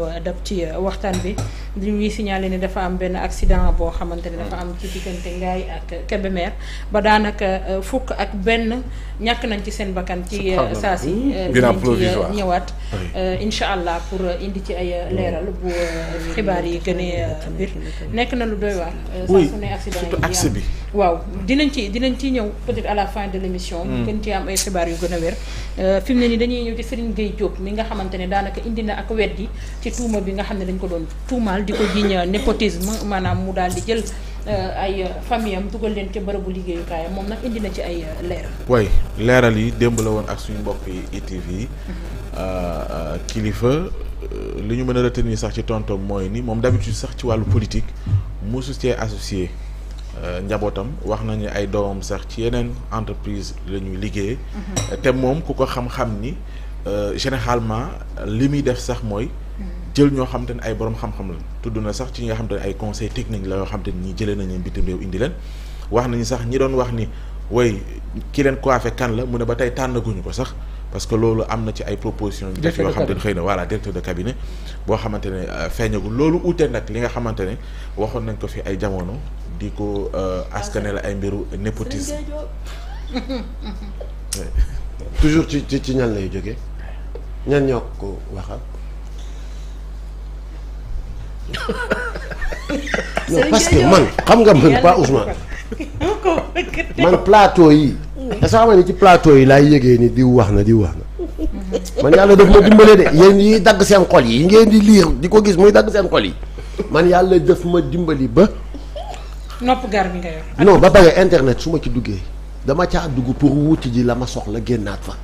Euh, dab ci euh, waxtaan bi li ñuy signaler ne dafa am benn accident boo xamante ne dafa am ci diggante Ngaay ak Kébémer ba daanaka euh, fukk ak benn ñàkk nañ ci seen bakkan ci saa si dinañ ci ñëwaat incha allah pour indi ci ay leeral bu xibaar yi gënee mbir nekk na lu doy waa saa su ne accident yi bi waaw dinañ ci dinañ ci ñëw peut-être à la fin de l'émission mm. gën ci am ay xibaar yu gën a wér fi mu ne ni dañuy ñëw ci Serigne Gueye Diop mi nga xamante ne daanaka indi na ak wet gi ci tuuma bi nga xam ne dañ ko doon tuumaal di ko jiiñ euh, népotisme maanaam mu daal di jël euh, ay euh, famille am dugal leen ca bërëbu liggéeyukaayam moom nag indi na ci ay leeral. way leeral yi démb la woon ak suñu mbokk yi ITV yi mm-hmm. kilifa li ñu mën a retenir sax ci tontom mooy ni moom d'habitude sax ci wàllu politique mosu cee associé njabootam wax nañu ay doomam sax ci yeneen entreprise la ñuy liggéey. Mm-hmm. te moom ku ko xam-xam ni généralement li muy def sax mooy. jël ñoo xam te ne ay borom xam-xam la tudd na sax ci nga xam te ne ay conseil technique la yoo xam te ne ñi jëlee nañ bitim réew indi leen wax nañu sax ñi doon wax ni woy ki leen coiffé kan la mu ne ba tey tànnaguñu ko sax parce que loolu am na ci ay proposition yu yoo xam te ne xëy na voilà directeur de cabinet boo xamante ne euh, feeñagul loolu uute nag li nga xamante ne waxoon nañ ko fi ay jamono di ko euh, askane la ay mbiru népotisme toujours ci ci ci ñan lay jógee ñan ñoo ko waxal non parce que man xam nga man pas Ousmane man plateau yi. Mm. est-ce que ci plateau yi laay yëgee ni diw wax na diw wax na man yàlla daf ma dimbale de yéen yi dagg seen xol yi ngeen di liir di ko gis muy dagg seen xol yi man yàlla daf ma dimbali ba. nopp gar ba pare internet su ma ci duggee dama caa dugg pour wuti ji la ma soxla génnaat fa.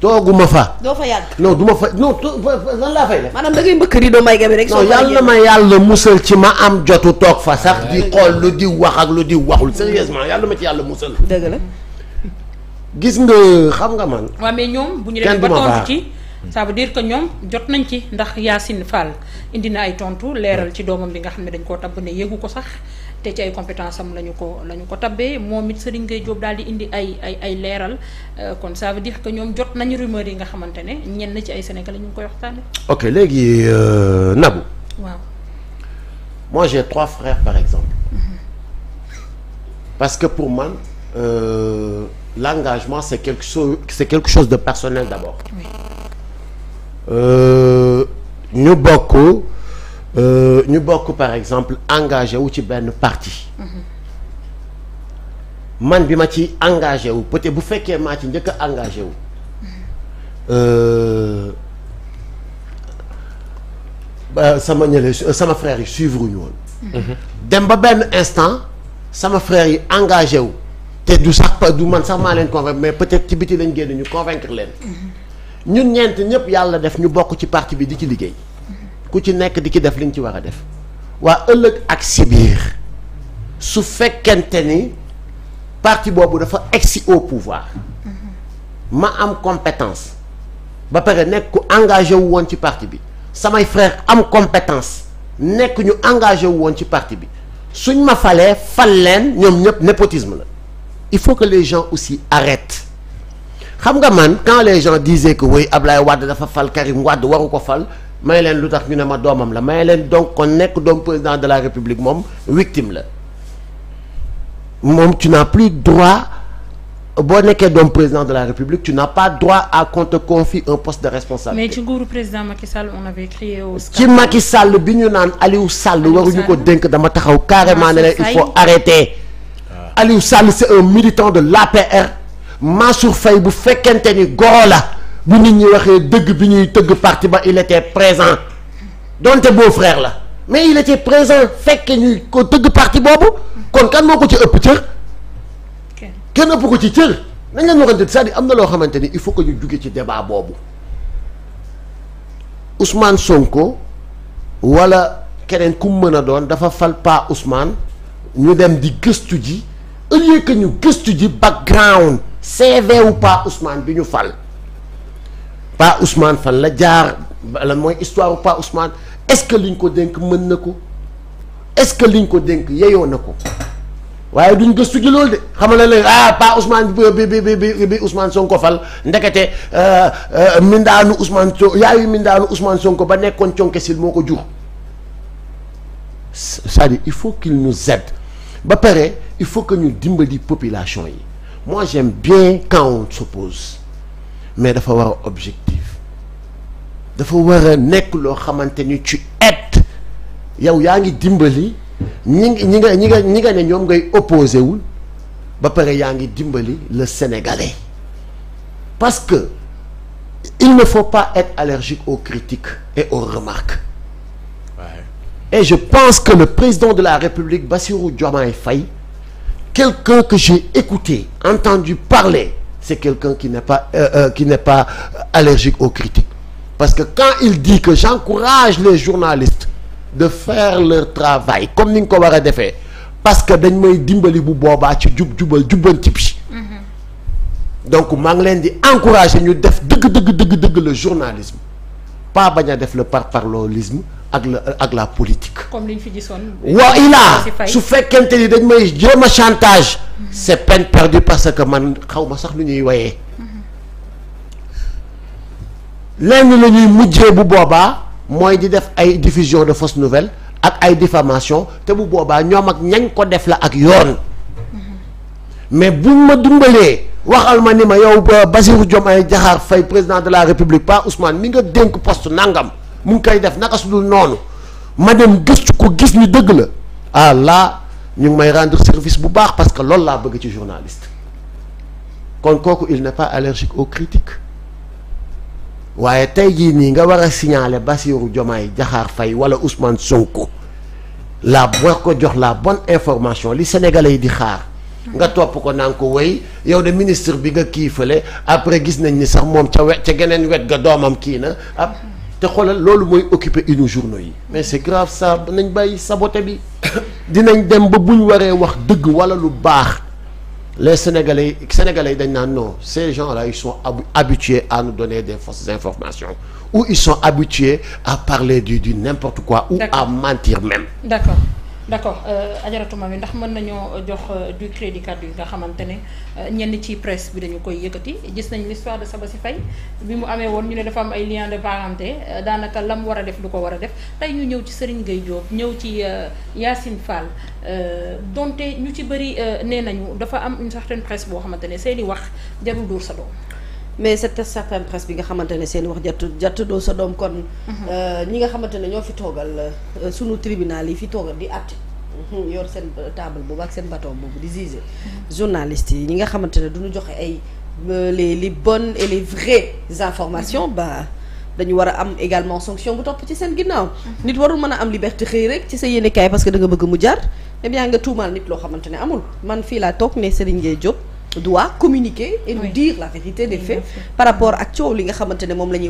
tooguma fa. doo fa yàgg. non du ma fa non lan laa fay def. maanaam da ngay mbëkk may gabi rek. soo yàlla ma yàlla musal ci ma am jotu toog fa sax. di xool lu di wax ak lu diw waxul sérieusement yàlla ma ci yàlla musal. dëgg la. gis nga xam nga man. waaw mais ñoom bu Mm. ça veut que ñoom jot nañ ci ndax Yacine Fall indi na ay tontu leeral ci doomam bi nga xam ne dañ koo tabb ne yéegu ko sax te ci ay compétence am la ñu ko la ñu ko tabe moom it Serigne Gueye Diop daal di indi ay ay ay leeral euh, kon ça veut que ñoom jot nañu rumeur yi nga xamante ne ñenn ci ay Sénégalais ñu ngi koy waxtaane ok léegi euh, Nabou. waaw. moi j'ai trois frères par exemple. Mhm. parce que pour man euh, l'engagement c'est quelque chose c'est de personnel d'abord. Oui. Euh, ñu bokk euh, ñu bokk par exemple engagé wu ci benn parti mm-hmm. man bi ma ci engagé wu peut bu fekkee maa ci njëkk a engagé wu euh, sama ñële sama frère yi suivre ñu woon mm-hmm. dem ba benn instant sama frère yi engagé wu te du sax du man sax maa leen convaincre mais peut-être ci biti lañ génn ñu convaincre leen mm-hmm. ñun ñeent ñëpp yàlla def ñu bokk ci parti bi di ci liggéey ku ci nekk di ci def li nga ci war a def waa ëllëg ak si biir su fekkente ni parti boobu dafa si au pouvoir ma am compétence ba pare nekk ku engagé wu woon ci parti bi samay frère am compétence nekk ñu engagé wu woon ci parti bi suñ ma falee fal leen ñoom ñëpp népotisme la il faut que les gens aussi arrêtent xam nga man quand les gens disaient que oui Ablaye Wade dafa fal Karim Wade waru ko fal may leen lu tax ñu ne ma doomam la may leen donc kon nekk doom président de la république moom victime la moom tu na plus droit boo nekkee doom président de la république tu na pas droit à qu'on te confie un poste de responsabilité. mais ci nguuru président Macky Sall on avait crié Sall bi ñu naan Aliou Sall waruñu ko dénk dama taxaw carrément ne leen il faut arrêter ah. Aliou Sall c'est un militant de la l'APR Mansour Faye bu fekkente ni goro la bu nit ñi waxee dëgg bi ñuy tëgg parti ba il était présent donte boo frère la mais il ce présent fekke ñuy ko tëgg parti boobu kon kan moo ko ci ëpp cër kenn ëpp ko ci cër na leen waxante c'est-à-dire am na loo xamante ni il faut que ñu jóge ci débat boobu Ousmane Sonko wala keneen ku mën a doon dafa fal pas ñu dem di gëstu ji au lieu ñu gëstu ji background CV wu Pa Ousmane bi ñu fal Pa Ousmane fan la jaar la mooy histoire wu Pa Ousmane est-ce que liñ ko dénk mën na ko est-ce que liñ ko dénk yeyoo na ko waaye duñ gëstu ji loolu de xam nga ne ah Pa Ousmane bi bi bi bi Ousmane Sonko fal ndekete euh, euh, mindaanu Ousmane Sonko yaayu mindaanu Ousmane Sonko ba nekkoon conkesil moo ko jur cest à il faut qu'il nous aide ba pare il faut que ñu dimbali population yi. moi j'aime bien quand on s'oppose mais dafa war a objectif dafa war a nekk loo xamante ni tu aides yow yaa ngi dimbali ñi ñi nga ñi nga ñi nga ne ñoom ngay opposé wul ba pare yaa ngi dimbali le sénégalais parce que il ne faut pas être allergique aux critiques et aux remarques ouais. et je pense que le président de la République Bassirou Diomaye Faye quelqu'un que j'ai écouté entendu parler c'est quelqu'un qui n'est pas euh, euh, qui n'est pas euh, allergique aux critiques parce que quand il dit que j'encourage les journalistes de faire leur travail comme ni nga ko war defee parce que dañ may dimbali bu boobaa ci jub jubal jubbanti bi mm-hmm. donc maa ngi leen di encourager ñu def dëgg dëgg dëgg dëgg le journalisme pas bañ a def le parparlolisme ak la ak la politique. comme li ñu fi gisoon. wa ilaa su fekkente ni dañ may jéem a chantage. Mhm. c' est peine perdue parce que man xaw ma sax lu ñuy woyee. Mhm. lenn la ñuy mujjee bu boobaa mooy di def ay diffusion de fausses nouvelles ak ay diffamation te bu boobaa ñoom ak ñañ ko def la ak yoon. Mhm. mais buñ ma dimbalee waxal ma ni ma yow Basirou Diomaye Diakhar Faye président de la république pas Ousmane mi nga dénk poste nangam. mu ngi koy def naka su dul noonu ma dem gëstu ko gis ni dëgg la ah là ñu ngi may rendre service bu baax parce que loolu laa bëgg ci journaliste kon kooku il n'est pas allergique aux critiques waaye tey jii nii nga war a signaler Bassirou Diomaye jaxaar fay wala Ousmane Sonko la boo ko jox la bon information li sénégalais yi di xaar nga topp ko naan ko wéy yow de ministre bi nga kii fële après gis nañ ni sax moom ca wet ca geneen wet ga doomam kii na ab te xoolal loolu mooy occuper une journaux yi mais c'est grave ça nañ bàyyi saboté bi dinañ dem ba buñ waree wax dëgg wala lu baax les sénégalais sénégalais dañ naan non ces gens là ils sont habitués à nous donner des fausses informations ou ils sont habitués à parler du du n'importe quoi ou à mentir même d'accord d' accord euh, ajaratu Mamy ndax mën nañoo jox euh, du crédit kàddu yi nga xamante ne euh, ñenn ci presse bi dañu koy yëkkati gis nañ l'histoire de si Faye bi mu amee woon ñu ne dafa am ay lien de parenté daanaka lam war a def du ko war a def tey ñu ñëw ci Serigne Gueye Diop ñëw ci Yacine Fall donte ñu ci bëri nee nañu dafa am une certaine presse boo xamante ne seeni wax jarul dóor sa doom mais cette certaine presse bi nga xamante ne seen wax jattu jattu doo sa doom kon. Mhm. Euh, ñi nga xamante ne ñoo fi toogal euh, sunu tribunal yi fi toogal di àtte. Mhm, yor seen table boobu ak seen bato boobu di juger. Mhm. journalistes yi ñi nga xamante ne duñu joxe ay euh, les les bonnes et les vraies informations ba. dañu war a am également sanction bu topp ci seen ginnaaw. nit warul mën a am liberté xëy rek ci sa yéene kaay parce que da nga bëgg mu jaar. eh bien nga tuumaal nit loo xamante ne amul man fii laa toog ne Serigne Gueye Diop. doit communiquer et nous oui. dire la vérité des faits par rapport ak coow li nga xamante ne moom la ñuy